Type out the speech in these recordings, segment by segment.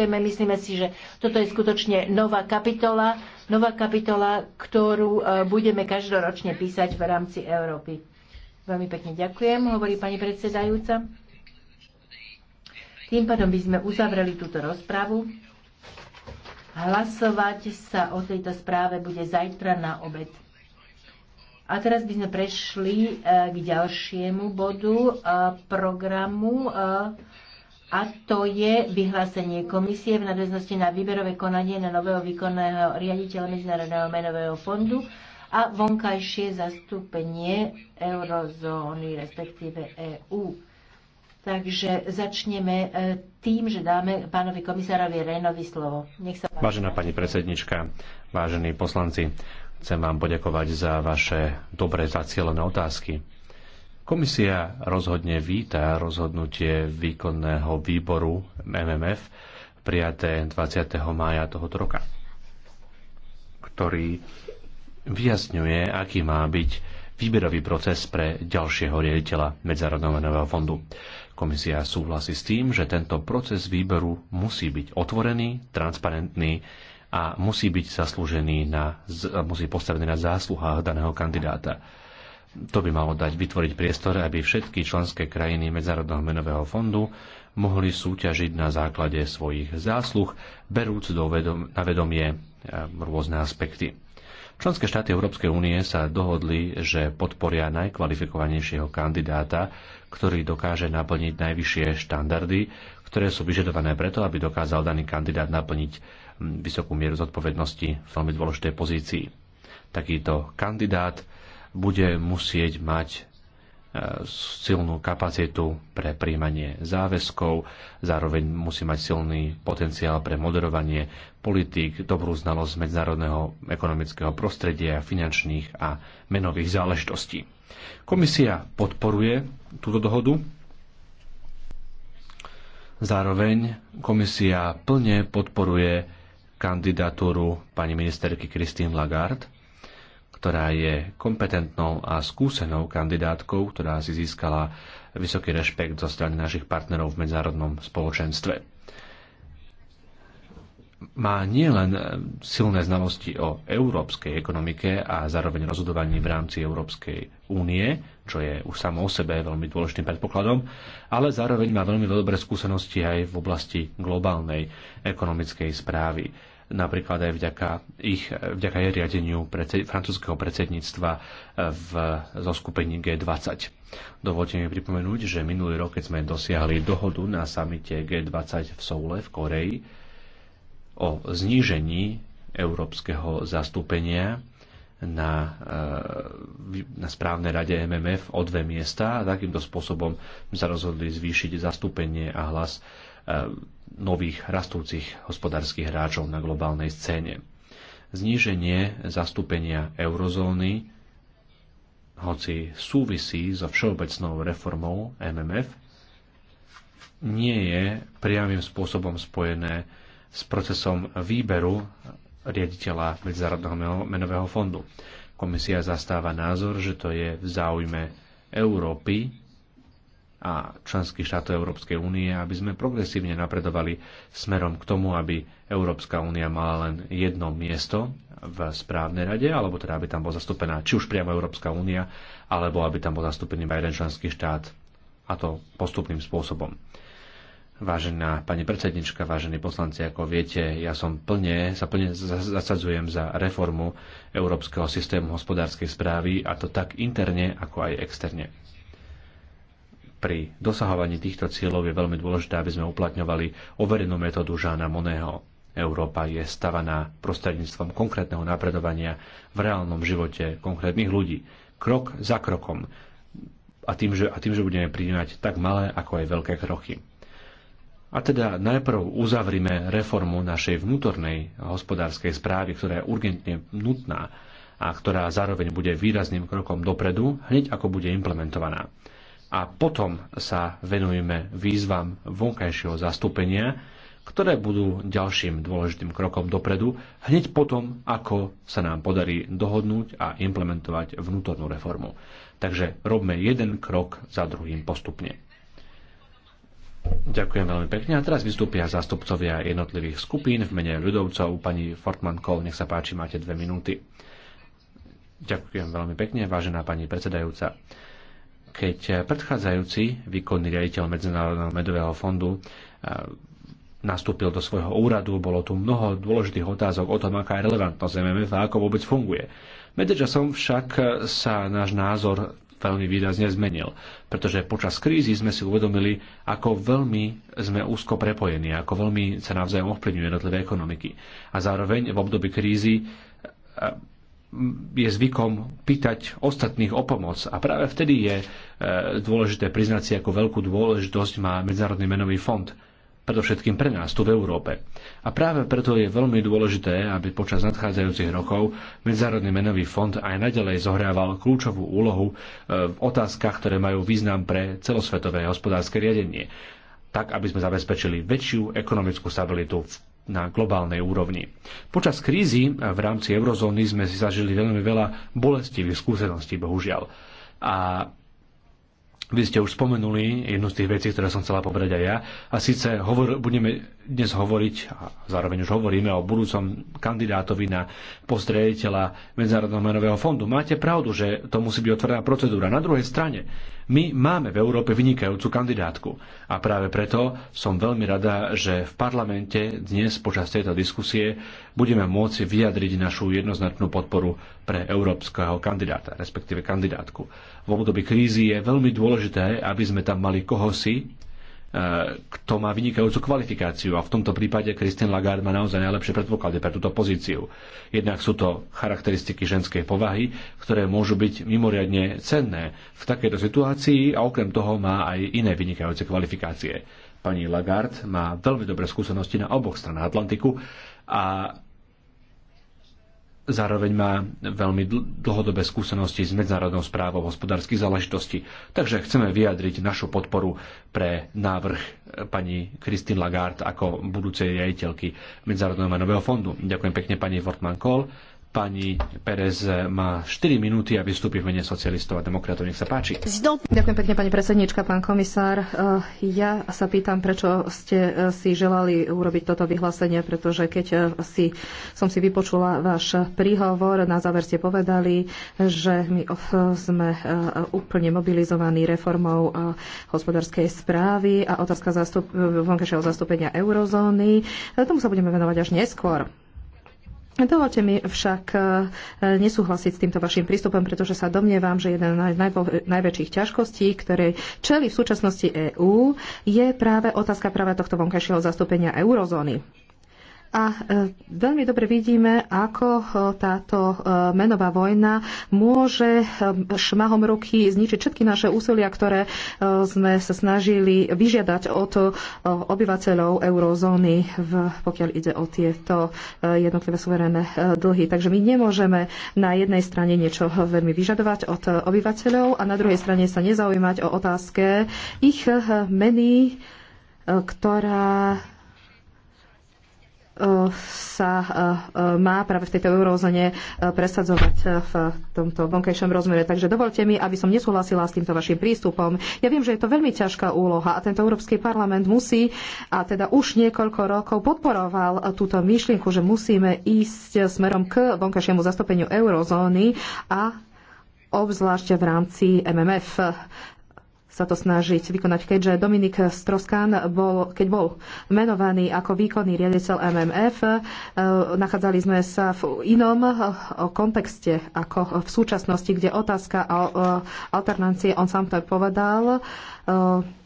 téme. Myslíme si, že toto je skutočne nová kapitola, nová kapitola, ktorú e, budeme každoročne písať v rámci Európy. Veľmi pekne ďakujem, hovorí pani predsedajúca. Tým pádom by sme uzavreli túto rozpravu. Hlasovať sa o tejto správe bude zajtra na obed. A teraz by sme prešli e, k ďalšiemu bodu e, programu a to je vyhlásenie komisie v nadväznosti na výberové konanie na nového výkonného riaditeľa Medzinárodného menového fondu a vonkajšie zastúpenie eurozóny, respektíve EÚ. Takže začneme e, tým, že dáme pánovi komisárovi Renovi slovo. Nech sa páči. Vážená pani predsednička, vážení poslanci, chcem vám poďakovať za vaše dobre zacielené otázky Komisia rozhodne víta rozhodnutie výkonného výboru MMF prijaté 20. mája tohoto roka, ktorý vyjasňuje, aký má byť výberový proces pre ďalšieho riaditeľa Medzárodného menového fondu. Komisia súhlasí s tým, že tento proces výberu musí byť otvorený, transparentný a musí byť zaslúžený na, musí postavený na zásluhách daného kandidáta to by malo dať vytvoriť priestor, aby všetky členské krajiny Medzárodného menového fondu mohli súťažiť na základe svojich zásluh, berúc do vedom, na vedomie eh, rôzne aspekty. Členské štáty Európskej únie sa dohodli, že podporia najkvalifikovanejšieho kandidáta, ktorý dokáže naplniť najvyššie štandardy, ktoré sú vyžadované preto, aby dokázal daný kandidát naplniť hm, vysokú mieru zodpovednosti v veľmi dôležitej pozícii. Takýto kandidát bude musieť mať e, silnú kapacitu pre príjmanie záväzkov, zároveň musí mať silný potenciál pre moderovanie politík, dobrú znalosť medzinárodného ekonomického prostredia, finančných a menových záležitostí. Komisia podporuje túto dohodu. Zároveň komisia plne podporuje kandidatúru pani ministerky Christine Lagarde ktorá je kompetentnou a skúsenou kandidátkou, ktorá si získala vysoký rešpekt zo strany našich partnerov v medzinárodnom spoločenstve. Má nielen silné znalosti o európskej ekonomike a zároveň rozhodovaní v rámci Európskej únie, čo je už samo o sebe veľmi dôležitým predpokladom, ale zároveň má veľmi dobré skúsenosti aj v oblasti globálnej ekonomickej správy napríklad aj vďaka, ich, vďaka jej riadeniu predsed, francúzského predsedníctva e, v zoskupení G20. Dovolte mi pripomenúť, že minulý rok, keď sme dosiahli dohodu na samite G20 v Soule v Koreji o znížení európskeho zastúpenia na, e, na správnej rade MMF o dve miesta a takýmto spôsobom sa rozhodli zvýšiť zastúpenie a hlas e, nových rastúcich hospodárskych hráčov na globálnej scéne. Zníženie zastúpenia eurozóny, hoci súvisí so všeobecnou reformou MMF, nie je priamým spôsobom spojené s procesom výberu riaditeľa Medzinárodného menového fondu. Komisia zastáva názor, že to je v záujme Európy a členských štátov Európskej únie, aby sme progresívne napredovali smerom k tomu, aby Európska únia mala len jedno miesto v správnej rade, alebo teda aby tam bola zastúpená či už priamo Európska únia, alebo aby tam bol zastúpený iba jeden členský štát, a to postupným spôsobom. Vážená pani predsednička, vážení poslanci, ako viete, ja som plne, sa plne zasadzujem za reformu Európskeho systému hospodárskej správy, a to tak interne, ako aj externe. Pri dosahovaní týchto cieľov je veľmi dôležité, aby sme uplatňovali overenú metódu Žána Moného. Európa je stavaná prostredníctvom konkrétneho napredovania v reálnom živote konkrétnych ľudí, krok za krokom a tým, že, a tým, že budeme prijímať tak malé ako aj veľké kroky. A teda najprv uzavrime reformu našej vnútornej hospodárskej správy, ktorá je urgentne nutná a ktorá zároveň bude výrazným krokom dopredu, hneď ako bude implementovaná a potom sa venujeme výzvam vonkajšieho zastúpenia, ktoré budú ďalším dôležitým krokom dopredu, hneď potom, ako sa nám podarí dohodnúť a implementovať vnútornú reformu. Takže robme jeden krok za druhým postupne. Ďakujem veľmi pekne. A teraz vystúpia zástupcovia jednotlivých skupín v mene ľudovcov. Pani Fortman-Kohl, nech sa páči, máte dve minúty. Ďakujem veľmi pekne, vážená pani predsedajúca keď eh, predchádzajúci výkonný riaditeľ Medzinárodného medového fondu eh, nastúpil do svojho úradu, bolo tu mnoho dôležitých otázok o tom, aká je relevantnosť MMF a ako vôbec funguje. Medzičasom však eh, sa náš názor veľmi výrazne zmenil, pretože počas krízy sme si uvedomili, ako veľmi sme úzko prepojení, ako veľmi sa navzájom ovplyvňujú jednotlivé ekonomiky. A zároveň v období krízy je zvykom pýtať ostatných o pomoc. A práve vtedy je e, dôležité priznať si, ako veľkú dôležitosť má Medzinárodný menový fond predovšetkým pre nás tu v Európe. A práve preto je veľmi dôležité, aby počas nadchádzajúcich rokov Medzárodný menový fond aj naďalej zohrával kľúčovú úlohu e, v otázkach, ktoré majú význam pre celosvetové hospodárske riadenie tak aby sme zabezpečili väčšiu ekonomickú stabilitu v na globálnej úrovni. Počas krízy v rámci eurozóny sme si zažili veľmi veľa bolestivých skúseností, bohužiaľ. A vy ste už spomenuli jednu z tých vecí, ktoré som chcela povedať aj ja, a síce hovor, budeme dnes hovoriť, a zároveň už hovoríme o budúcom kandidátovi na post riaditeľa Medzinárodného menového fondu. Máte pravdu, že to musí byť otvorená procedúra. Na druhej strane, my máme v Európe vynikajúcu kandidátku a práve preto som veľmi rada, že v parlamente dnes počas tejto diskusie budeme môcť vyjadriť našu jednoznačnú podporu pre európskeho kandidáta, respektíve kandidátku. V období krízy je veľmi dôležité, aby sme tam mali kohosi, E, kto má vynikajúcu kvalifikáciu a v tomto prípade Christine Lagarde má naozaj najlepšie predpoklady pre túto pozíciu. Jednak sú to charakteristiky ženskej povahy, ktoré môžu byť mimoriadne cenné v takejto situácii a okrem toho má aj iné vynikajúce kvalifikácie. Pani Lagarde má veľmi dobré skúsenosti na oboch stranách Atlantiku a Zároveň má veľmi dlhodobé skúsenosti s medzinárodnou správou hospodárskych záležitostí. Takže chceme vyjadriť našu podporu pre návrh eh, pani Christine Lagarde ako budúcej riaditeľky Medzinárodného menového fondu. Ďakujem pekne pani Fortman Kohl. Pani Perez má 4 minúty a vystúpi v mene socialistov a demokratov. Nech sa páči. Ďakujem pekne, pani predsednička, pán komisár. Eh, ja sa pýtam, prečo ste eh, si želali urobiť toto vyhlásenie, pretože keď eh, si, som si vypočula váš príhovor, na záver ste povedali, že my sme úplne mobilizovaní reformou hospodárskej správy a otázka zastup- vonkajšieho zastúpenia eurozóny. Tomu sa budeme venovať až neskôr. Dovolte mi však e, nesúhlasiť s týmto vašim prístupom, pretože sa domnievam, že jeden z najväčších ťažkostí, ktoré čeli v súčasnosti EÚ, je práve otázka práve tohto vonkajšieho zastúpenia eurozóny. A e, veľmi dobre vidíme, ako e, táto e, menová vojna môže šmahom ruky zničiť všetky naše úsilia, ktoré sme sa snažili vyžiadať od obyvateľov eurozóny, pokiaľ ide o tieto jednotlivé suverénne dlhy. Takže my nemôžeme na jednej strane niečo veľmi vyžadovať od obyvateľov a na druhej strane sa nezaujímať o otázke ich meny, ktorá sa e, e, má práve v tejto eurozóne e, presadzovať v tomto vonkajšom rozmere. Takže dovolte mi, aby som nesúhlasila s týmto vašim prístupom. Ja viem, že je to veľmi ťažká úloha a tento Európsky parlament musí a teda už niekoľko rokov podporoval túto myšlienku, že musíme ísť smerom k vonkajšiemu zastúpeniu eurozóny a obzvlášť v rámci MMF sa to snažiť vykonať, keďže Dominik Stroskán bol, keď bol menovaný ako výkonný riaditeľ MMF, eh, nachádzali sme sa v inom eh, kontexte ako v súčasnosti, kde otázka o eh, alternancie, on sám to povedal,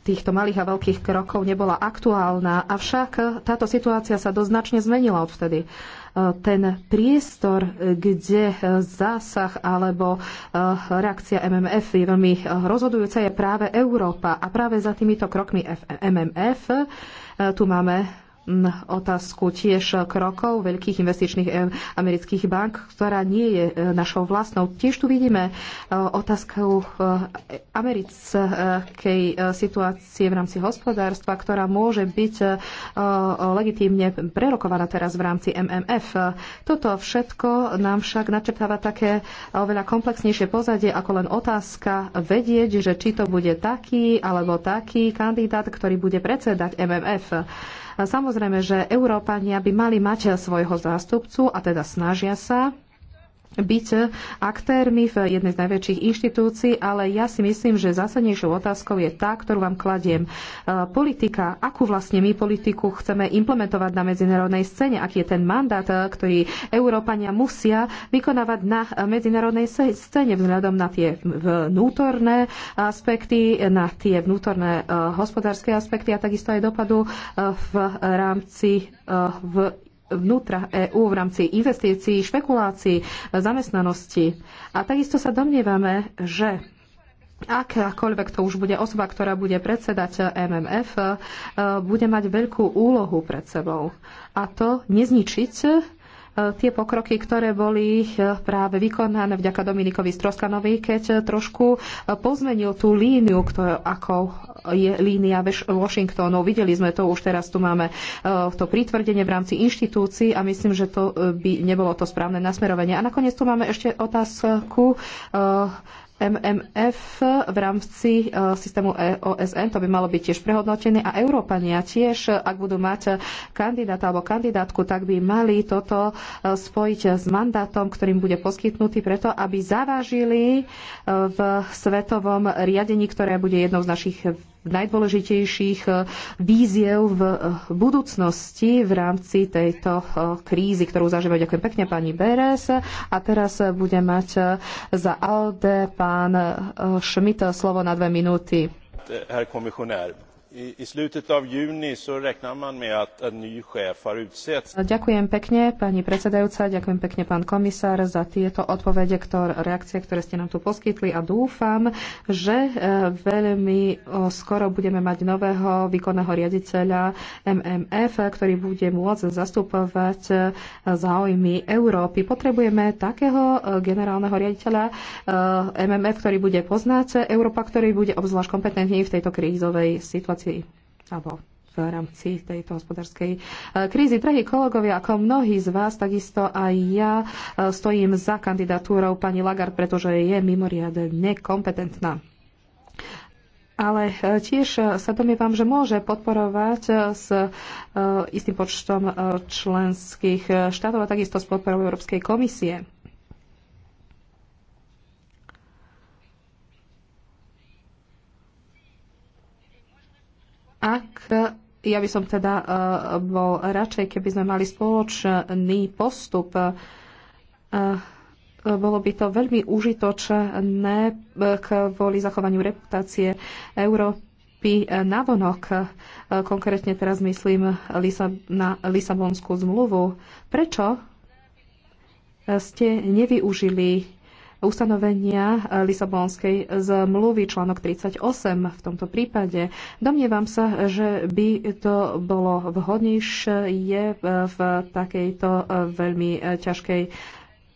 týchto malých a veľkých krokov nebola aktuálna, avšak táto situácia sa doznačne zmenila odvtedy ten priestor, kde zásah alebo e, reakcia MMF je veľmi rozhodujúca, je práve Európa. A práve za týmito krokmi MMF e, tu máme otázku tiež krokov veľkých investičných amerických bank, ktorá nie je e, našou vlastnou. Tiež tu vidíme e, otázku e, americkej situácie v rámci hospodárstva, ktorá môže byť legitímne prerokovaná teraz v rámci MMF. Toto všetko nám však načrtáva také oveľa komplexnejšie pozadie ako len otázka vedieť, že či to bude taký alebo taký kandidát, ktorý bude predsedať MMF. Samozrejme, že Európania by mali mať svojho zástupcu a teda snažia sa byť aktérmi v jednej z najväčších inštitúcií, ale ja si myslím, že zásadnejšou otázkou je tá, ktorú vám kladiem. E, politika, akú vlastne my politiku chceme implementovať na medzinárodnej scéne, aký je ten mandát, e, ktorý Európania musia vykonávať na medzinárodnej scéne vzhľadom na tie vnútorné aspekty, na tie vnútorné e, hospodárske aspekty a takisto aj dopadu v rámci v vnútra EÚ v rámci investícií, špekulácií, zamestnanosti. A takisto sa domnievame, že akákoľvek to už bude osoba, ktorá bude predsedať MMF, e, bude mať veľkú úlohu pred sebou. A to nezničiť tie pokroky, ktoré boli e, práve vykonané vďaka Dominikovi Stroskanovi, keď e, trošku e, pozmenil tú líniu, ktoré, ako je línia Washingtonu. Videli sme to už teraz, tu máme to pritvrdenie v rámci inštitúcií a myslím, že to by nebolo to správne nasmerovanie. A nakoniec tu máme ešte otázku MMF v rámci e, systému e OSN, to by malo byť tiež prehodnotené a Európania tiež, ak budú mať kandidáta alebo kandidátku, tak by mali toto e, spojiť s mandátom, ktorým bude poskytnutý preto, aby zavážili v svetovom riadení, ktoré bude jednou z našich najdôležitejších eh, víziev v eh, budúcnosti v rámci tejto eh, krízy, ktorú zažívajú. Ďakujem pekne pani Beres. A teraz bude mať za ALDE pán Schmidt slovo na dve minúty. Herr komisionär, i slutet av juni räknar man med att en ny chef har utsetts. Ďakujem pekne, pani predsedajúca, ďakujem pekne, pán komisár, za tieto odpovede, ktor, reakcie, ktoré ste nám tu poskytli a dúfam, že e, veľmi skoro budeme mať nového výkonného riaditeľa MMF, ktorý bude môcť zastupovať e, záujmy Európy. Potrebujeme takého e, generálneho riaditeľa MMF, ktorý bude poznať Európa, ktorý bude obzvlášť kompetentný v tejto krízovej situácii odvetví alebo v rámci tejto hospodárskej e, krízy. Drahí kolegovia, ako mnohí z vás, takisto aj ja e, stojím za kandidatúrou pani Lagarde, pretože je mimoriadne kompetentná. Ale e, tiež sa domývam, že môže podporovať s istým počtom členských štátov a takisto s podporou Európskej komisie. Ak eh, ja by som teda eh, bol radšej, keby sme mali spoločný postup eh, bolo by to veľmi užitočné kvôli zachovaniu reputácie Európy vonok. konkrétne teraz myslím na Lisabonskú zmluvu. Prečo ste nevyužili ustanovenia eh, Lisabonskej zmluvy, článok 38 v tomto prípade. Domnievam sa, že by to bolo vhodnejšie eh, v takejto eh, veľmi ťažkej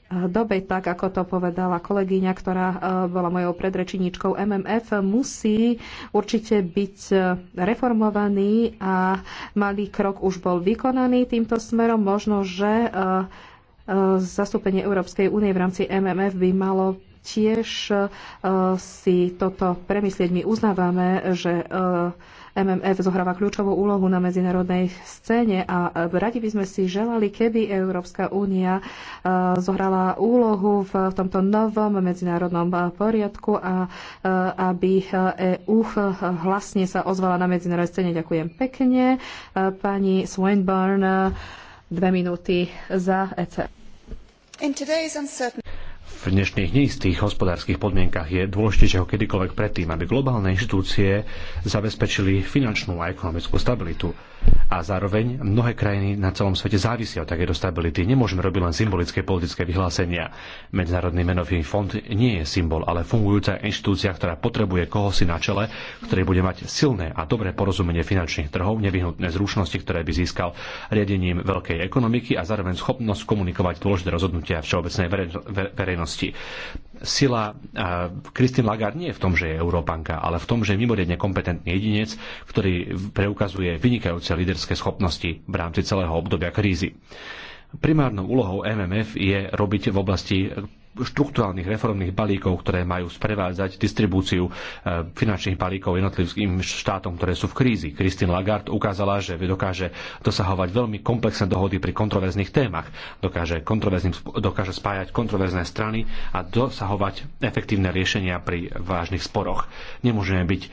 dobe, tak ako to povedala kolegyňa, ktorá bola mojou predrečiničkou MMF, musí určite byť reformovaný a malý krok už bol vykonaný týmto smerom. Možno, že Eh, zastúpenie Európskej únie v rámci MMF by malo tiež eh, si toto premyslieť. My uznávame, že eh, MMF zohráva kľúčovú úlohu na medzinárodnej scéne a radi by sme si želali, keby Európska únia zohrala úlohu v tomto novom medzinárodnom poriadku a aby EU hlasne sa ozvala na medzinárodnej scéne. Ďakujem pekne. Pani Swinburne, dve minúty za ECF. V dnešných neistých hospodárskych podmienkach je dôležitejšie ako kedykoľvek predtým, aby globálne inštitúcie zabezpečili finančnú a ekonomickú stabilitu a zároveň mnohé krajiny na celom svete závisia od takéto stability. Nemôžeme robiť len symbolické politické vyhlásenia. Medzinárodný menový fond nie je symbol, ale fungujúca inštitúcia, ktorá potrebuje koho si na čele, ktorý bude mať silné a dobré porozumenie finančných trhov, nevyhnutné zručnosti, ktoré by získal riadením veľkej ekonomiky a zároveň schopnosť komunikovať dôležité rozhodnutia všeobecnej verejnosti. Sila Kristin Lagarde nie je v tom, že je Európanka, ale v tom, že je mimoriadne kompetentný jedinec, ktorý preukazuje vynikajúce vynikajúce líderské schopnosti v rámci celého obdobia krízy. Primárnou úlohou MMF je robiť v oblasti štruktúrálnych reformných balíkov, ktoré majú sprevádzať distribúciu e, finančných balíkov jednotlivým štátom, ktoré sú v krízi. Christine Lagarde ukázala, že dokáže dosahovať veľmi komplexné dohody pri kontroverzných témach, dokáže, dokáže spájať kontroverzné strany a dosahovať efektívne riešenia pri vážnych sporoch. Nemôžeme byť e,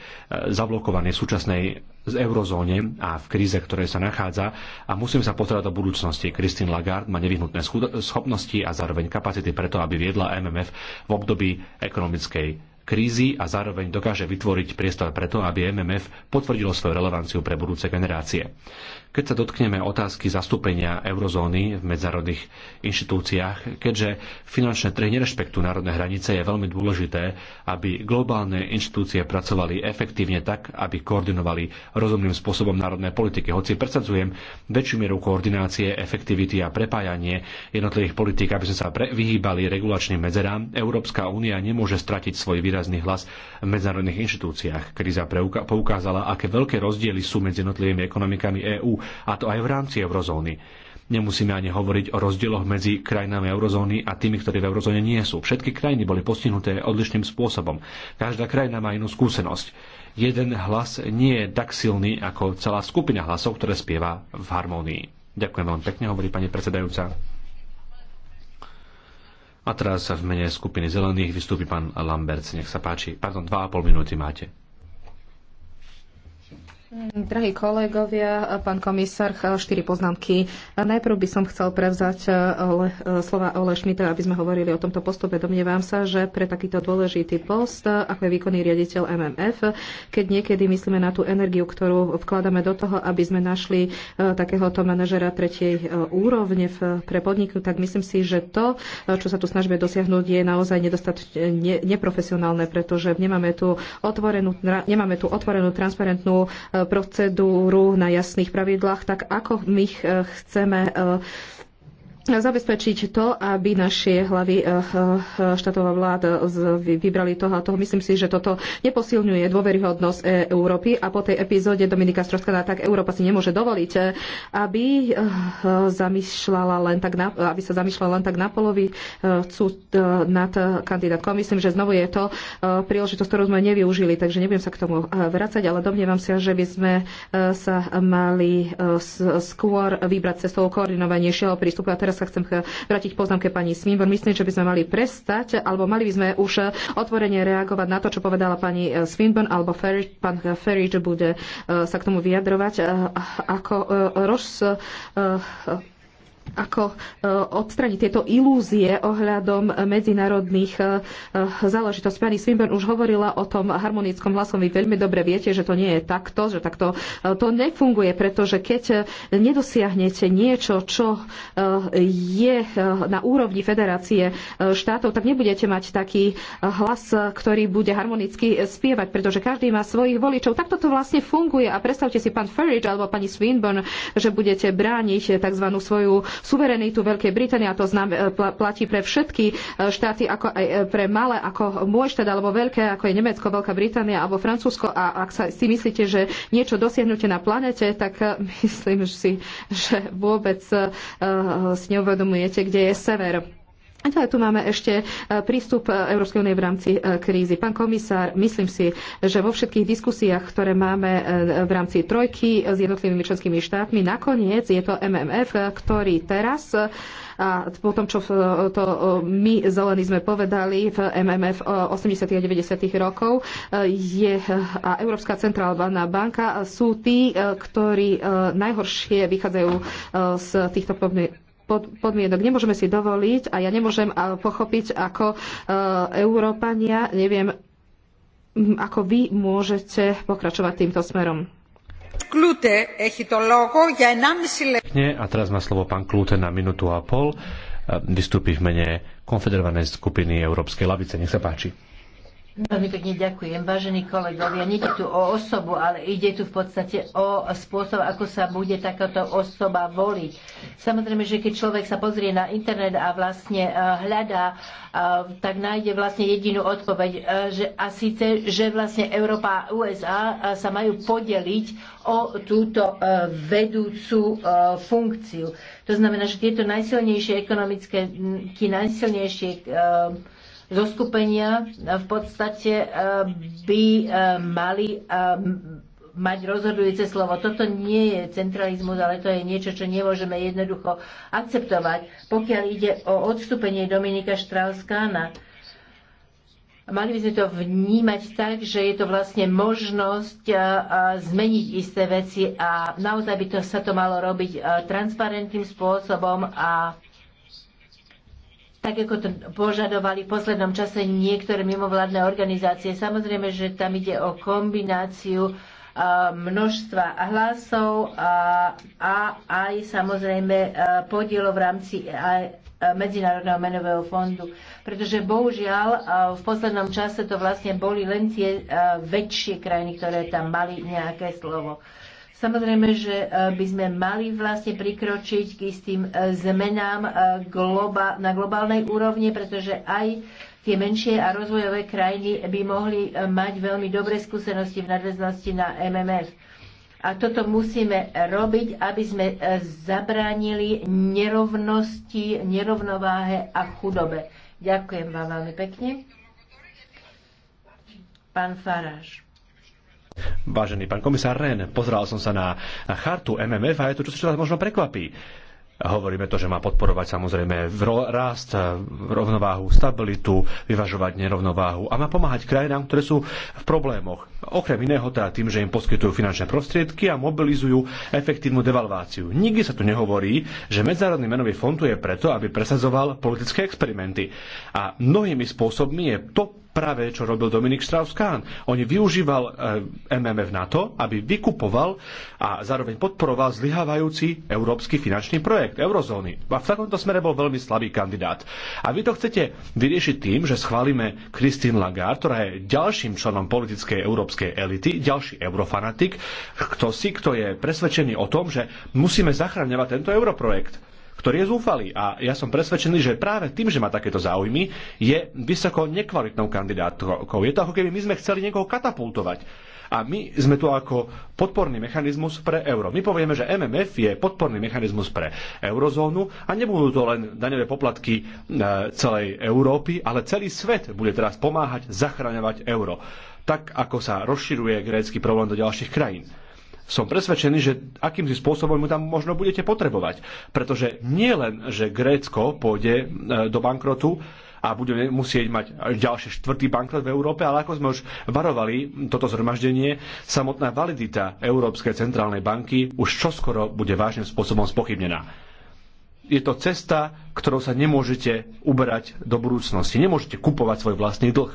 zablokovaní v súčasnej z eurozóne a v kríze, ktoré sa nachádza a musím sa pozerať do budúcnosti. Christine Lagarde má nevyhnutné schopnosti a zároveň kapacity preto, aby viedla MMF v období ekonomickej krízy a zároveň dokáže vytvoriť priestor preto, aby MMF potvrdilo svoju relevanciu pre budúce generácie. Keď sa dotkneme otázky zastúpenia eurozóny v medzárodných inštitúciách, keďže finančné trhy nerešpektujú národné hranice, je veľmi dôležité, aby globálne inštitúcie pracovali efektívne tak, aby koordinovali rozumným spôsobom národné politiky. Hoci predsadzujem väčšiu mieru koordinácie, efektivity a prepájanie jednotlivých politík, aby sme sa pre- vyhýbali regulačným medzerám, Európska únia nemôže stratiť svoj výrazný hlas v medzárodných inštitúciách. Kríza poukázala, aké veľké rozdiely sú medzi jednotlivými ekonomikami EÚ a to aj v rámci eurozóny. Nemusíme ani hovoriť o rozdieloch medzi krajinami eurozóny a tými, ktorí v eurozóne nie sú. Všetky krajiny boli postihnuté odlišným spôsobom. Každá krajina má inú skúsenosť. Jeden hlas nie je tak silný ako celá skupina hlasov, ktoré spieva v harmónii. Ďakujem veľmi pekne, hovorí pani predsedajúca. A teraz sa v mene skupiny zelených vystúpi pán Lamberts. Nech sa páči. Pardon, 2,5 minúty máte. Drahí kolegovia, pán komisár, štyri poznámky. Najprv by som chcel prevzať eh, Ole, eh, slova Ole Šmita, aby sme hovorili o tomto postupe. Domnievam sa, že pre takýto dôležitý post, eh, ako je výkonný riaditeľ MMF, keď niekedy myslíme na tú energiu, ktorú vkladáme do toho, aby sme našli takéhoto manažera tretej úrovne pre podniku, tak myslím si, že to, čo sa tu snažíme dosiahnuť, je naozaj nedostatočne neprofesionálne, pretože nemáme tu otvorenú, nemáme tu otvorenú transparentnú procedúru na jasných pravidlách, tak ako my chceme eh, zabezpečiť to, aby naše hlavy eh, eh, štátová vláda vlád eh, vybrali toho a toho. Myslím si, že toto neposilňuje dôveryhodnosť Európy a po tej epizóde Dominika Stroskana tak Európa si nemôže dovoliť, aby, zamýšľala len tak na, aby sa zamýšľala len tak na polovi nad kandidátkou. Myslím, že znovu je to príležitosť, ktorú sme nevyužili, takže nebudem sa k tomu vrácať, ale domnievam sa, že by sme sa mali skôr vybrať cestou koordinovanejšieho prístupu. A teraz teraz sa chcem vrátiť k poznámke pani Svinbor. Myslím, že by sme mali prestať, alebo mali by sme už eh, otvorene reagovať na to, čo povedala pani eh, Svinbor, alebo Ferry, pán eh, Ferry, že bude sa k tomu vyjadrovať ako roz ako e, odstraniť tieto ilúzie ohľadom medzinárodných e, e, záležitostí. Pani Swinburne už hovorila o tom harmonickom hlasom. Vy veľmi dobre viete, že to nie je takto, že takto to nefunguje, pretože keď nedosiahnete niečo, čo je na úrovni Federácie štátov, tak nebudete mať taký hlas, ktorý bude harmonicky spievať, pretože každý má svojich voličov. Takto to vlastne funguje a predstavte si pán Ferridge alebo pani Swinburne, že budete brániť tzv. svoju suverenitu Veľkej Británie a to znam, e, platí pre všetky e, štáty, ako aj e, pre malé, ako môj štát alebo veľké, ako je Nemecko, Veľká Británia alebo Francúzsko a ak sa si myslíte, že niečo dosiahnete na planete, tak myslím si, že vôbec si neuvedomujete, kde je sever. A ďalej teda tu máme ešte e, prístup e, Európskej únie v rámci e, krízy. Pán komisár, myslím si, že vo všetkých diskusiách, ktoré máme v rámci trojky s jednotlivými členskými štátmi, nakoniec je to MMF, ktorý teraz a po tom, čo to my zelení sme povedali v MMF 80. a 90. rokov, je a Európska centrálna banka sú tí, ktorí najhoršie vychádzajú z týchto podmienok. Nemôžeme si dovoliť a ja nemôžem eh, pochopiť, ako eh, Európania, neviem, ako vy môžete pokračovať týmto smerom. Klute, echi to logo, ja a teraz má slovo pán Klute na minútu a pol. Eh, vystúpi v mene konfederovanej skupiny Európskej lavice. Nech sa páči. Veľmi pekne ďakujem, vážení kolegovia. Nede tu o osobu, ale ide tu v podstate o spôsob, ako sa bude takáto osoba voliť. Samozrejme, že keď človek sa pozrie na internet a vlastne e, hľadá, e, tak nájde vlastne jedinú odpoveď, e, že, a síce, že vlastne Európa a USA sa majú podeliť o túto vedúcu funkciu. To znamená, že tieto najsilnejšie ekonomické, najsilnejšie zoskupenia v podstate eh, by eh, mali eh, mať rozhodujúce slovo. Toto nie je centralizmus, ale to je niečo, čo nemôžeme jednoducho akceptovať. Pokiaľ ide o odstúpenie Dominika Štrauskána, Mali by sme to vnímať tak, že je to vlastne možnosť zmeniť isté veci a naozaj by to sa to malo robiť transparentným spôsobom a tak ako to požadovali v poslednom čase niektoré mimovládne organizácie. Samozrejme, že tam ide o kombináciu množstva hlasov a, a aj samozrejme podielov v rámci Medzinárodného menového fondu. Pretože bohužiaľ v poslednom čase to vlastne boli len tie väčšie krajiny, ktoré tam mali nejaké slovo. Samozrejme, že e, by sme mali vlastne prikročiť k istým e, zmenám e, na globálnej úrovni, pretože aj tie menšie a rozvojové krajiny by mohli mať veľmi dobré skúsenosti v nadväznosti na MMF. A toto musíme robiť, aby sme zabránili nerovnosti, nerovnováhe a chudobe. Ďakujem vám veľmi pekne. Pán Faráš. Vážený pán komisár Ren, pozeral som sa na, na chartu MMF a je to, čo sa možno prekvapí. Hovoríme to, že má podporovať samozrejme rast, rovnováhu, stabilitu, vyvažovať nerovnováhu a má pomáhať krajinám, ktoré sú v problémoch. Okrem iného teda tým, že im poskytujú finančné prostriedky a mobilizujú efektívnu devalváciu. Nikdy sa tu nehovorí, že Medzárodný menový fond tu je preto, aby presadzoval politické experimenty. A mnohými spôsobmi je to práve čo robil Dominik Strauss-Kahn. On využíval eh, MMF na to, aby vykupoval a zároveň podporoval zlyhávajúci európsky finančný projekt eurozóny. A v takomto smere bol veľmi slabý kandidát. A vy to chcete vyriešiť tým, že schválime Christine Lagarde, ktorá je ďalším členom politickej európskej elity, ďalší eurofanatik, kto si, kto je presvedčený o tom, že musíme zachraňovať tento europrojekt ktorý je zúfalý. A ja som presvedčený, že práve tým, že má takéto záujmy, je vysoko nekvalitnou kandidátkou. Je to ako keby my sme chceli niekoho katapultovať. A my sme tu ako podporný mechanizmus pre euro. My povieme, že MMF je podporný mechanizmus pre eurozónu a nebudú to len daňové poplatky e, celej Európy, ale celý svet bude teraz pomáhať zachraňovať euro. Tak, ako sa rozširuje grécky problém do ďalších krajín som presvedčený, že akýmsi spôsobom ju tam možno budete potrebovať. Pretože nie len, že Grécko pôjde e, do bankrotu, a budeme musieť mať ďalšie štvrtý bankrot v Európe, ale ako sme už varovali toto zhromaždenie, samotná validita Európskej centrálnej banky už čoskoro bude vážnym spôsobom spochybnená je to cesta, ktorou sa nemôžete uberať do budúcnosti. Nemôžete kupovať svoj vlastný dlh.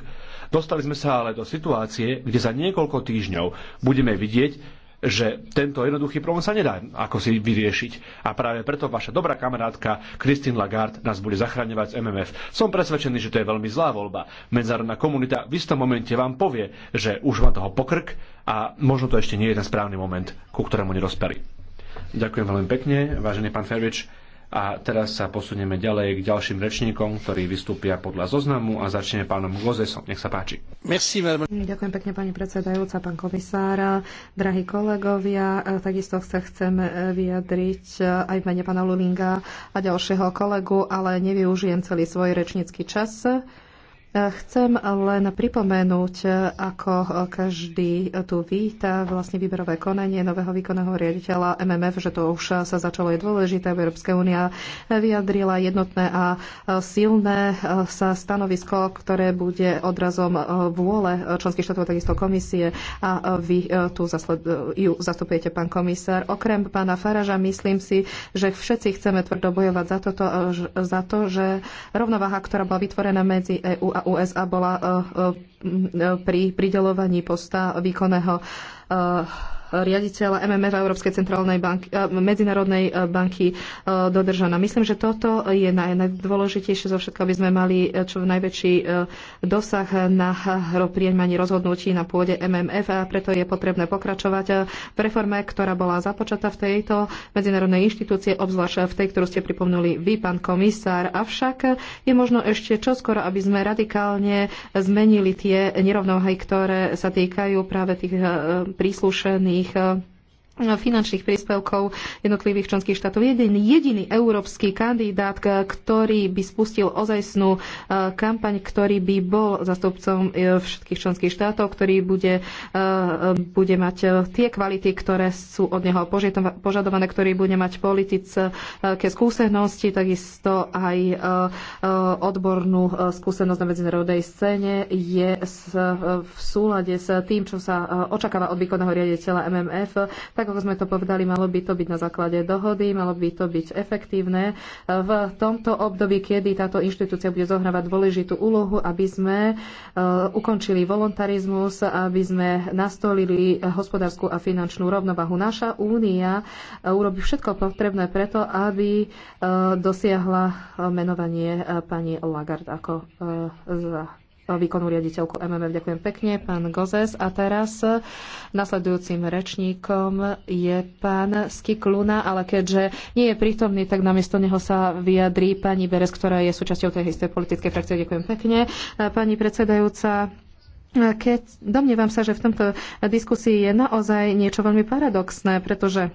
Dostali sme sa ale do situácie, kde za niekoľko týždňov budeme vidieť, že tento jednoduchý problém sa nedá ako si vyriešiť. A práve preto vaša dobrá kamarátka Christine Lagarde nás bude zachraňovať z MMF. Som presvedčený, že to je veľmi zlá voľba. Medzárodná komunita v istom momente vám povie, že už má toho pokrk a možno to ešte nie je ten správny moment, ku ktorému nerozperi. Ďakujem veľmi pekne, vážený pán Fervič. A teraz sa posunieme ďalej k ďalším rečníkom, ktorí vystúpia podľa zoznamu a začneme pánom Gozesom. Nech sa páči. Merci, Ďakujem pekne, pani predsedajúca, pán komisára, drahí kolegovia. E, takisto sa chcem e, vyjadriť e, aj v mene pána Lulinga a ďalšieho kolegu, ale nevyužijem celý svoj rečnícky čas. Chcem len pripomenúť, ako každý tu víta vlastne výberové konanie nového výkonného riaditeľa MMF, že to už sa začalo, je dôležité. Európska únia vyjadrila jednotné a silné sa stanovisko, ktoré bude odrazom vôle členských štátov, takisto komisie a vy tu zasled, ju zastupujete, pán komisár. Okrem pána Faraža myslím si, že všetci chceme tvrdo bojovať za, toto, za to, že rovnováha, ktorá bola vytvorená medzi EU a a USA bola eh, eh, eh, pri pridelovaní posta výkonného riaditeľa MMF a Európskej centrálnej banky, medzinárodnej e, banky e, dodržaná. Myslím, že toto je najdôležitejšie zo všetko, aby sme mali e, čo najväčší dosah na prijemanie rozhodnutí na pôde MMF a preto je potrebné pokračovať v reforme, ktorá bola započatá v tejto medzinárodnej inštitúcie, obzvlášť v tej, ktorú ste pripomnuli vy, pán komisár. Avšak je možno ešte čoskoro, aby sme radikálne zmenili tie nerovnováhy, ktoré sa týkajú práve tých príslušených jednotlivých eh, finančných príspevkov jednotlivých členských štátov. Jeden jediný európsky kandidát, ktorý by spustil ozajstnú e, kampaň, ktorý by bol zastupcom e, všetkých členských štátov, ktorý bude, e, bude mať tie kvality, ktoré sú od neho požadované, ktorý bude mať politické skúsenosti, takisto aj odbornú skúsenosť na medzinárodnej scéne, je v súlade s tým, čo sa očakáva od výkonného riaditeľa MMF, tak ako sme to povedali, malo by to byť na základe dohody, malo by to byť efektívne. V tomto období, kedy táto inštitúcia bude zohrávať dôležitú úlohu, aby sme e, ukončili voluntarizmus, aby sme nastolili hospodárskú a finančnú rovnovahu. Naša únia e, urobí všetko potrebné preto, aby e, dosiahla menovanie pani Lagarde ako za výkonnú riaditeľku MMF. Ďakujem pekne, pán Gozes. A teraz nasledujúcim rečníkom je pán Skikluna, ale keďže nie je prítomný, tak namiesto neho sa vyjadrí pani Beres, ktorá je súčasťou tej istej politickej frakcie. Ďakujem pekne. Pani predsedajúca, keď domnievam sa, že v tomto diskusii je naozaj niečo veľmi paradoxné, pretože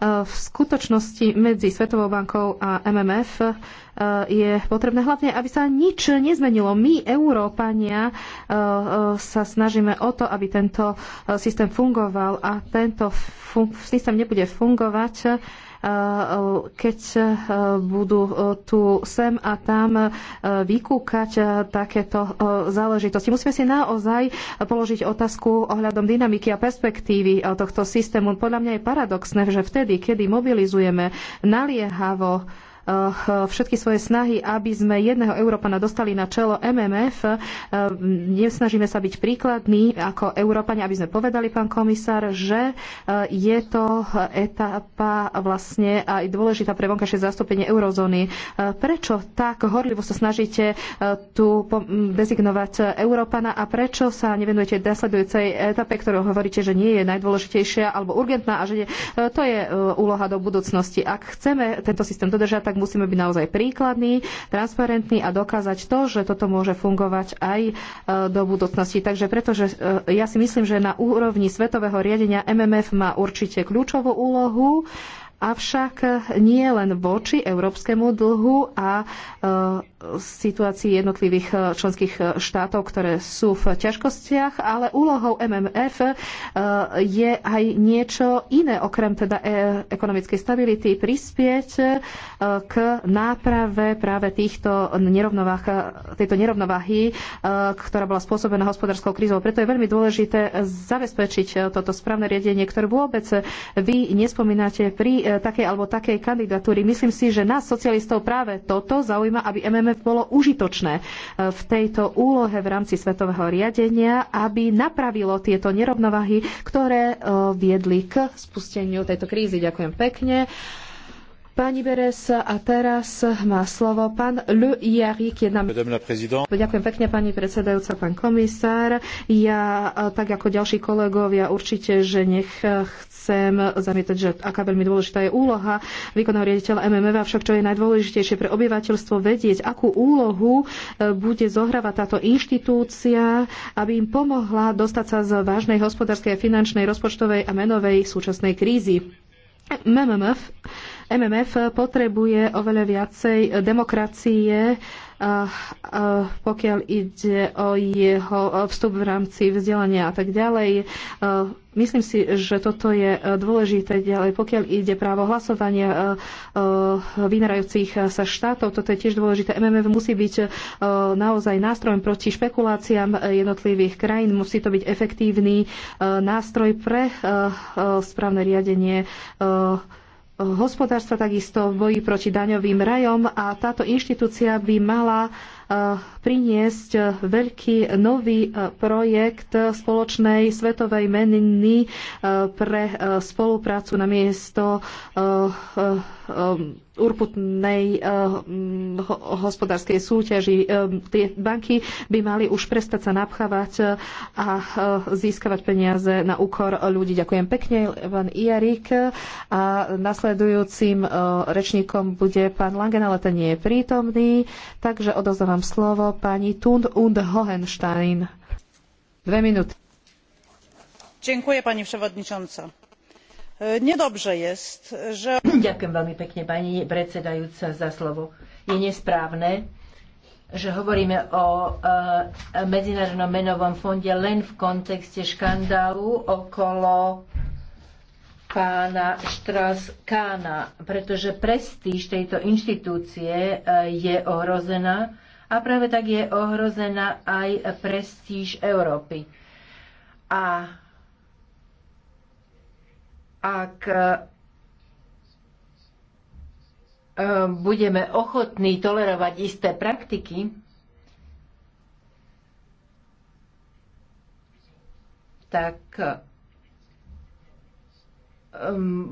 E, v skutočnosti medzi Svetovou bankou a MMF e, je potrebné hlavne, aby sa nič nezmenilo. My, Európania, e, sa snažíme o to, aby tento systém fungoval a tento systém nebude fungovať, keď e, budú e, tu sem a tam e, vykúkať takéto záležitosti. Musíme si naozaj položiť otázku ohľadom dynamiky a perspektívy tohto systému. Podľa mňa je paradoxné, že vtedy, kedy mobilizujeme naliehavo Eh, všetky svoje snahy, aby sme jedného Európana dostali na čelo MMF. Eh, nesnažíme sa byť príkladní ako Európania, aby sme povedali, pán komisár, že eh, je to etapa vlastne aj dôležitá pre vonkajšie zastúpenie eurozóny. Prečo tak horlivo sa snažíte tu dezignovať Európana a prečo sa nevenujete nasledujúcej etape, ktorú hovoríte, že nie je najdôležitejšia alebo urgentná a že to je úloha do budúcnosti. Ak chceme tento systém dodržať, tak tak musíme byť naozaj príkladní, transparentní a dokázať to, že toto môže fungovať aj e, do budúcnosti. Takže pretože e, ja si myslím, že na úrovni svetového riadenia MMF má určite kľúčovú úlohu avšak nie len voči európskemu dlhu a e, situácii jednotlivých e, členských štátov, ktoré sú v ťažkostiach, ale úlohou MMF e, je aj niečo iné, okrem teda ekonomickej stability, prispieť k náprave práve týchto nerovnováh, tejto nerovnováhy, ktorá bola spôsobená hospodárskou krízou. Preto je veľmi dôležité zabezpečiť toto správne riadenie, ktoré vôbec vy nespomínate pri E, takej alebo takej kandidatúry. Myslím si, že nás socialistov práve toto zaujíma, aby MMF bolo užitočné e, v tejto úlohe v rámci svetového riadenia, aby napravilo tieto nerovnováhy, ktoré e, viedli k spusteniu tejto krízy. Ďakujem pekne. Pani Beres, a teraz má slovo pán Le Jarik. Ďakujem pekne, pani predsedajúca, pán komisár. Ja, tak ako ďalší kolegovia, určite, že nech Chcem zamietať, že aká veľmi dôležitá je úloha výkonného riaditeľa MMV, avšak čo je najdôležitejšie pre obyvateľstvo vedieť, akú úlohu e, bude zohrávať táto inštitúcia, aby im pomohla dostať sa z vážnej hospodárskej a finančnej, rozpočtovej a menovej súčasnej krízy. MMF, MMF potrebuje oveľa viacej demokracie, pokiaľ ide o jeho vstup v rámci vzdelania a tak ďalej. Myslím si, že toto je dôležité ďalej. Pokiaľ ide právo hlasovania vynerajúcich sa štátov, toto je tiež dôležité. MMF musí byť naozaj nástrojom proti špekuláciám jednotlivých krajín. Musí to byť efektívny nástroj pre správne riadenie hospodárstva, takisto v boji proti daňovým rajom a táto inštitúcia by mala e, priniesť e, veľký nový e, projekt spoločnej svetovej meny pre spoluprácu na miesto Um, urputnej uh, hospodárskej súťaži. Um, tie banky by mali už prestať sa napchávať uh, a uh, získavať peniaze na úkor ľudí. Ďakujem pekne, pán Iarik. A nasledujúcim rečníkom bude pán Langen, ale ten nie je prítomný. Takže odozdávam slovo pani Tund und Hohenstein. Dve minúty. Dziękuję pani przewodnicząca jest, že... Ďakujem veľmi pekne, pani predsedajúca, za slovo. Je nesprávne, že hovoríme o e, Medzinárodnom menovom fonde len v kontexte škandálu okolo pána Štraskána, pretože prestíž tejto inštitúcie e, je ohrozená a práve tak je ohrozená aj prestíž Európy. A ak e, e, budeme ochotní tolerovať isté praktiky, tak e,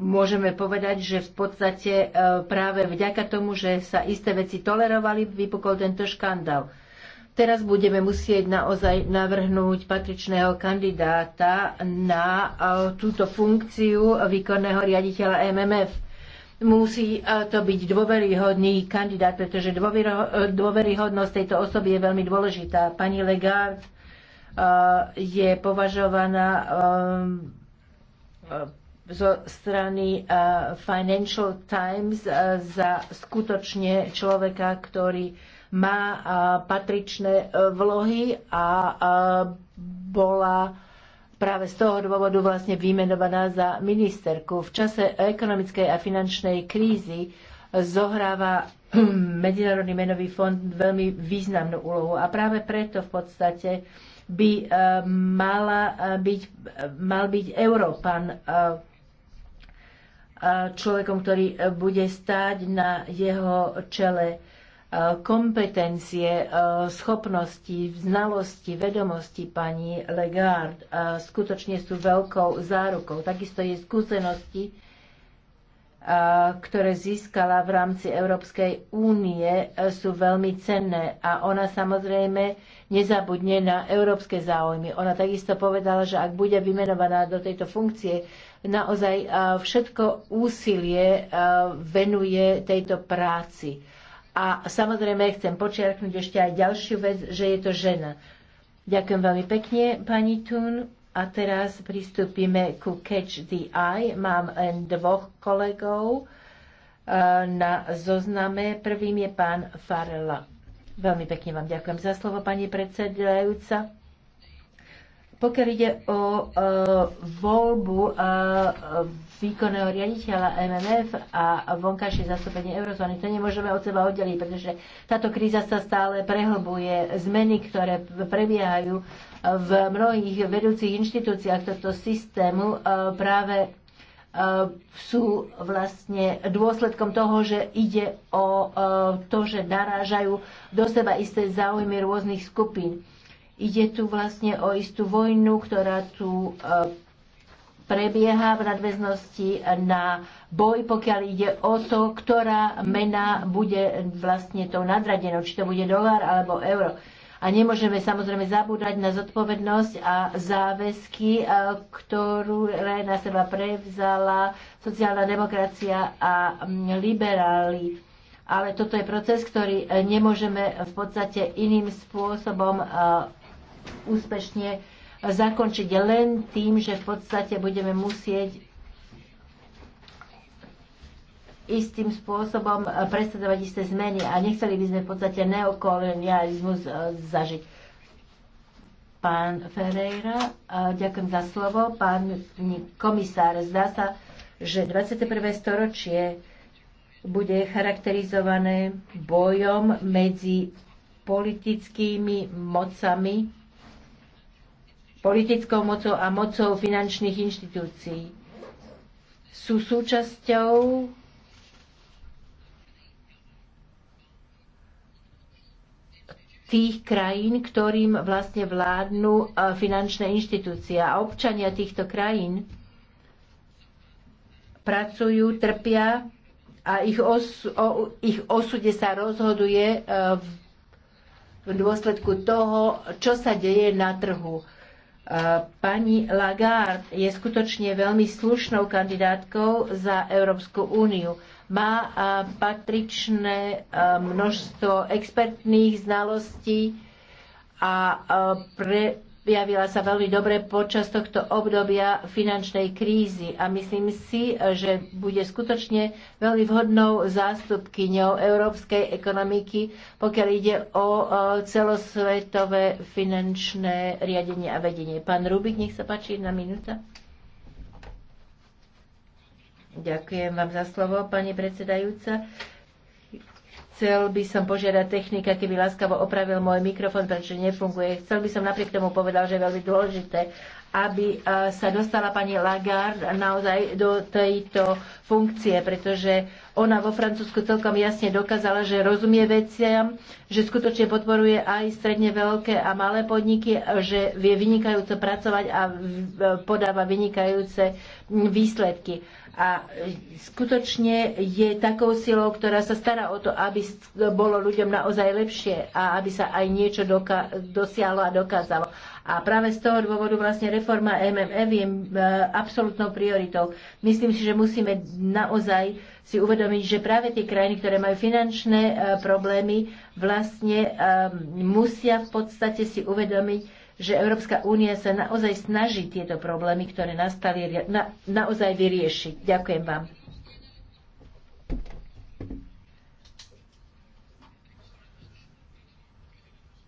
môžeme povedať, že v podstate práve vďaka tomu, že sa isté veci tolerovali, vypukol tento škandál. Teraz budeme musieť naozaj navrhnúť patričného kandidáta na e, túto funkciu výkonného riaditeľa MMF. Musí e, to byť dôveryhodný kandidát, pretože e, dôveryhodnosť tejto osoby je veľmi dôležitá. Pani Legard je považovaná zo strany Financial Times za skutočne človeka, ktorý má patričné e, vlohy a bola práve z toho dôvodu vlastne vymenovaná za ministerku. V čase ekonomickej a finančnej krízy zohráva Medzinárodný menový fond veľmi významnú úlohu a práve preto v podstate by e, mala e, byť, mal byť Európan človekom, ktorý bude stáť na jeho čele. E, kompetencie, e, schopnosti, znalosti, vedomosti pani Legard e, skutočne sú veľkou zárukou. Takisto jej skúsenosti, ktoré získala v rámci Európskej únie, sú veľmi cenné. A ona samozrejme nezabudne na európske záujmy. Ona takisto povedala, že ak bude vymenovaná do tejto funkcie, naozaj všetko úsilie venuje tejto práci a samozrejme chcem počiarknúť ešte aj ďalšiu vec, že je to žena. Ďakujem veľmi pekne, pani Tun. A teraz pristúpime ku Catch the Eye. Mám len dvoch kolegov eh, na zozname. Prvým je pán Farela. Veľmi pekne vám ďakujem za slovo, pani predsedajúca. Pokiaľ ide o e, voľbu e, e, výkonného riaditeľa MMF a vonkajšie zastúpenie eurozóny. To nemôžeme od seba oddeliť, pretože táto kríza sa stále prehlbuje. Zmeny, ktoré prebiehajú v mnohých vedúcich inštitúciách tohto systému, práve sú vlastne dôsledkom toho, že ide o to, že narážajú do seba isté záujmy rôznych skupín. Ide tu vlastne o istú vojnu, ktorá tu e, prebieha v nadväznosti na boj, pokiaľ ide o to, ktorá mena bude vlastne tou nadradenou, či to bude dolár alebo euro. A nemôžeme samozrejme zabúdať na zodpovednosť a záväzky, e, ktorú na seba prevzala sociálna demokracia a liberáli. Ale toto je proces, ktorý e, nemôžeme v podstate iným spôsobom úspešne zakončiť len tým, že v podstate budeme musieť istým spôsobom presadzovať isté zmeny a nechceli by sme v podstate neokolonializmus e, zažiť. Pán Ferreira, e, ďakujem za slovo. Pán komisár, zdá sa, že 21. storočie bude charakterizované bojom medzi politickými mocami politickou mocou a mocou finančných inštitúcií. Sú súčasťou tých krajín, ktorým vlastne vládnu e, finančné inštitúcie. A občania týchto krajín pracujú, trpia a ich, os, o ich osude sa rozhoduje v, e, v dôsledku toho, čo sa deje na trhu. Pani Lagarde je skutočne veľmi slušnou kandidátkou za Európsku úniu. Má patričné množstvo expertných znalostí a pre Vyjavila sa veľmi dobre počas tohto obdobia finančnej krízy a myslím si, že bude skutočne veľmi vhodnou zástupkyňou európskej ekonomiky, pokiaľ ide o celosvetové finančné riadenie a vedenie. Pán Rubik, nech sa páči, jedna minúta. Ďakujem vám za slovo, pani predsedajúca. Chcel by som požiadať technika, keby láskavo opravil môj mikrofón, pretože nefunguje. Chcel by som napriek tomu povedal, že je veľmi dôležité, aby eh, sa dostala pani Lagarde naozaj do tejto funkcie, pretože ona vo Francúzsku celkom jasne dokázala, že rozumie veciam, že skutočne podporuje aj stredne veľké a malé podniky, že vie vynikajúco pracovať a podáva vynikajúce výsledky a skutočne je takou silou, ktorá sa stará o to, aby bolo ľuďom naozaj lepšie a aby sa aj niečo dosiahlo a dokázalo. A práve z toho dôvodu vlastne reforma MMF je e, absolútnou prioritou. Myslím si, že musíme naozaj si uvedomiť, že práve tie krajiny, ktoré majú finančné e, problémy, vlastne e, musia v podstate si uvedomiť, že Európska únia sa naozaj snaží tieto problémy, ktoré nastali, na, naozaj vyriešiť. Ďakujem vám.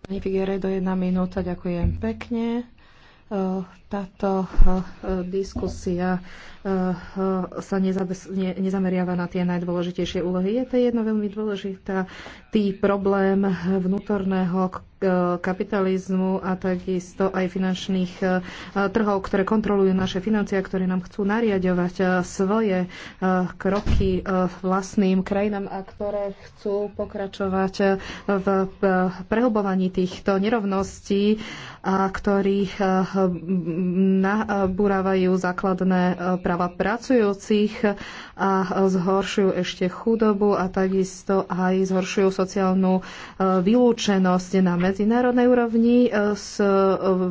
Pani Figueredo, jedna minúta, ďakujem pekne. Eh, táto eh, eh, diskusia eh, sa nezameriava na tie najdôležitejšie úlohy. Je to jedna veľmi dôležitá tý problém vnútorného kapitalizmu a takisto aj finančných trhov, ktoré kontrolujú naše financie a ktoré nám chcú nariadovať svoje kroky vlastným krajinám a ktoré chcú pokračovať v prehlbovaní týchto nerovností a ktorí naburávajú základné e, práva pracujúcich a zhoršujú ešte chudobu a takisto aj zhoršujú sociálnu e, vylúčenosť na medzinárodnej úrovni e,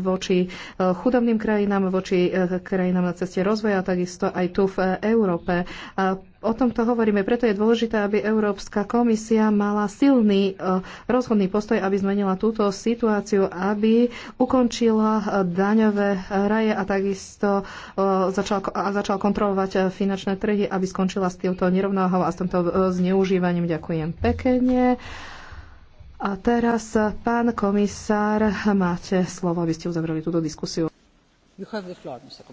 voči chudobným krajinám, voči krajinám na ceste rozvoja, takisto aj tu v Európe. O tomto hovoríme, preto je dôležité, aby Európska komisia mala silný e, rozhodný postoj, aby zmenila túto situáciu, aby ukončila e, daňové raje a takisto e, začala, a začala kontrolovať finančné trhy, aby skončila s týmto nerovnováhou a s týmto zneužívaním. Ďakujem pekne. A teraz, pán komisár, máte slovo, aby ste uzavreli túto diskusiu. You have the floor, Mr.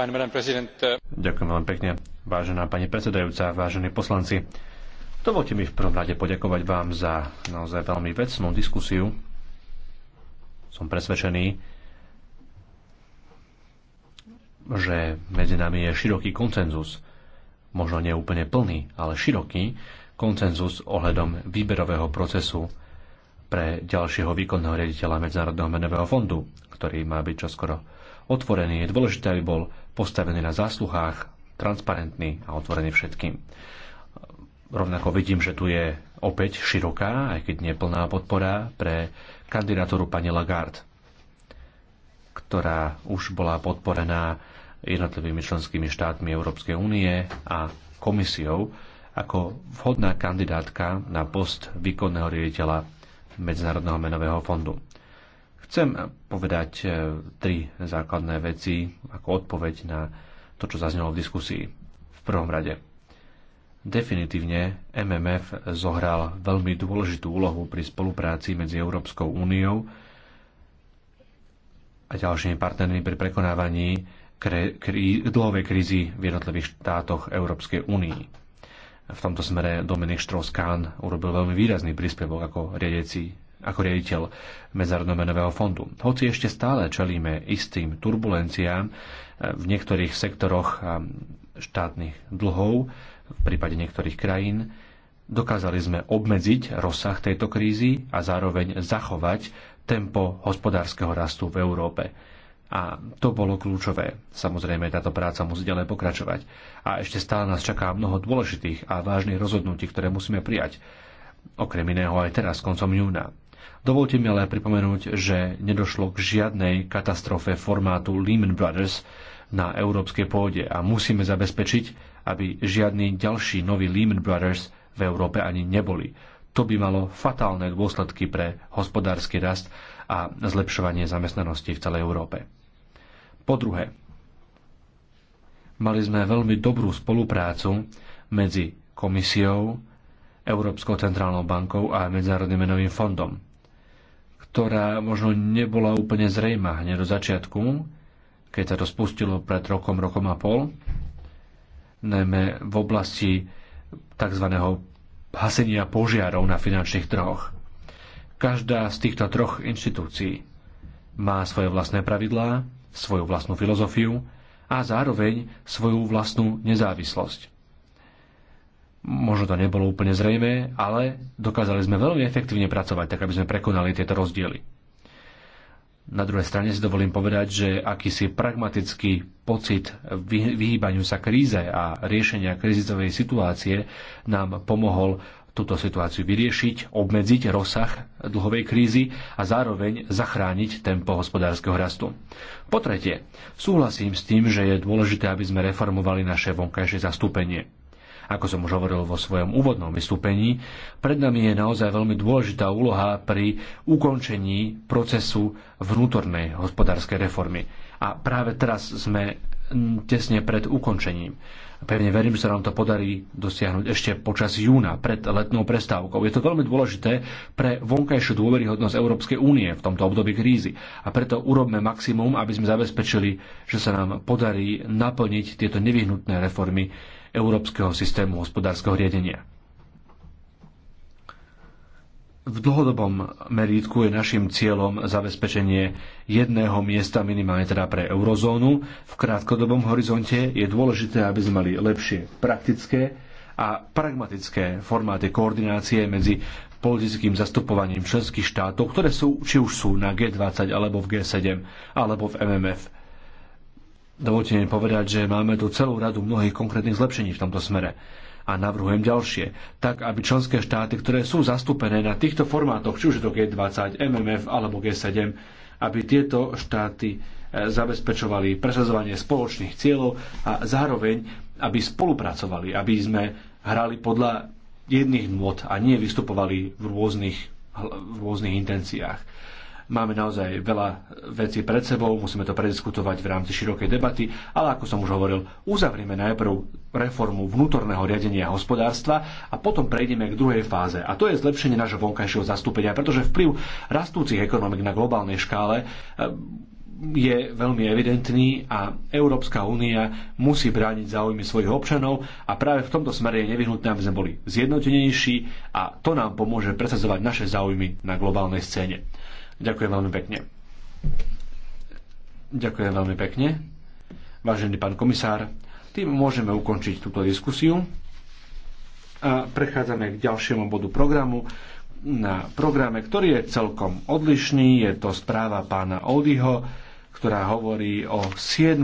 Eh, Ďakujem veľmi pekne, vážená pani predsedajúca, vážení poslanci. Dovolte mi v prvom rade poďakovať vám za naozaj veľmi vecnú diskusiu. Som presvedčený, že medzi nami je široký koncenzus, možno nie úplne plný, ale široký koncenzus ohľadom výberového procesu pre ďalšieho výkonného riaditeľa Medzinárodného menového fondu, ktorý má byť čoskoro otvorený. Je dôležité, aby bol postavený na zásluhách, transparentný a otvorený všetkým. Rovnako vidím, že tu je opäť široká, aj keď neplná podpora pre kandidatúru pani Lagarde, ktorá už bola podporená jednotlivými členskými štátmi Európskej únie a komisiou ako vhodná kandidátka na post výkonného riaditeľa Medzinárodného menového fondu. Chcem povedať eh, tri základné veci ako odpoveď na to, čo zaznelo v diskusii. V prvom rade, Definitívne MMF zohral veľmi dôležitú úlohu pri spolupráci medzi Európskou úniou a ďalšími partnermi pri prekonávaní dlhovej krízy v jednotlivých štátoch Európskej únii. V tomto smere Dominik Štroskán urobil veľmi výrazný príspevok ako riadeci ako riaditeľ Medzárodného fondu. Hoci ešte stále čelíme istým turbulenciám eh, v niektorých sektoroch eh, štátnych dlhov, v prípade niektorých krajín, dokázali sme obmedziť rozsah tejto krízy a zároveň zachovať tempo hospodárskeho rastu v Európe. A to bolo kľúčové. Samozrejme, táto práca musí ďalej pokračovať. A ešte stále nás čaká mnoho dôležitých a vážnych rozhodnutí, ktoré musíme prijať. Okrem iného aj teraz, koncom júna. Dovolte mi ale pripomenúť, že nedošlo k žiadnej katastrofe formátu Lehman Brothers na európskej pôde a musíme zabezpečiť, aby žiadny ďalší nový Lehman Brothers v Európe ani neboli. To by malo fatálne dôsledky pre hospodársky rast a zlepšovanie zamestnanosti v celej Európe. Po druhé, mali sme veľmi dobrú spoluprácu medzi komisiou, Európskou centrálnou bankou a Medzárodným menovým fondom ktorá možno nebola úplne zrejma hneď do začiatku, keď sa to spustilo pred rokom, rokom a pol, najmä v oblasti tzv. hasenia požiarov na finančných trhoch. Každá z týchto troch inštitúcií má svoje vlastné pravidlá, svoju vlastnú filozofiu a zároveň svoju vlastnú nezávislosť. Možno to nebolo úplne zrejme, ale dokázali sme veľmi efektívne pracovať, tak aby sme prekonali tieto rozdiely. Na druhej strane si dovolím povedať, že akýsi pragmatický pocit vyhýbaniu sa kríze a riešenia krizicovej situácie nám pomohol túto situáciu vyriešiť, obmedziť rozsah dlhovej krízy a zároveň zachrániť tempo hospodárskeho rastu. Po tretie, súhlasím s tým, že je dôležité, aby sme reformovali naše vonkajšie zastúpenie. Ako som už hovoril vo svojom úvodnom vystúpení, pred nami je naozaj veľmi dôležitá úloha pri ukončení procesu vnútornej hospodárskej reformy. A práve teraz sme tesne pred ukončením. Pevne verím, že sa nám to podarí dosiahnuť ešte počas júna, pred letnou prestávkou. Je to veľmi dôležité pre vonkajšiu dôveryhodnosť Európskej únie v tomto období krízy. A preto urobme maximum, aby sme zabezpečili, že sa nám podarí naplniť tieto nevyhnutné reformy európskeho systému hospodárskeho riadenia. V dlhodobom merítku je našim cieľom zabezpečenie jedného miesta minimálne teda pre eurozónu. V krátkodobom horizonte je dôležité, aby sme mali lepšie praktické a pragmatické formáty koordinácie medzi politickým zastupovaním členských štátov, ktoré sú, či už sú na G20 alebo v G7 alebo v MMF Dovolte mi povedať, že máme tu celú radu mnohých konkrétnych zlepšení v tomto smere a navrhujem ďalšie, tak aby členské štáty, ktoré sú zastúpené na týchto formátoch, či už je to G20, MMF alebo G7, aby tieto štáty e, zabezpečovali presadzovanie spoločných cieľov a zároveň, aby spolupracovali, aby sme hrali podľa jedných nôd a nie vystupovali v rôznych, v rôznych intenciách. Máme naozaj veľa vecí pred sebou, musíme to prediskutovať v rámci širokej debaty, ale ako som už hovoril, uzavrieme najprv reformu vnútorného riadenia hospodárstva a potom prejdeme k druhej fáze. A to je zlepšenie nášho vonkajšieho zastúpenia, pretože vplyv rastúcich ekonomik na globálnej škále e, je veľmi evidentný a Európska únia musí brániť záujmy svojich občanov a práve v tomto smere je nevyhnutné, aby sme boli zjednotenejší a to nám pomôže presadzovať naše záujmy na globálnej scéne. Ďakujem veľmi pekne. Ďakujem veľmi pekne. Vážený pán komisár, tým môžeme ukončiť túto diskusiu a prechádzame k ďalšiemu bodu programu. Na programe, ktorý je celkom odlišný, je to správa pána Oldyho, ktorá hovorí o 7.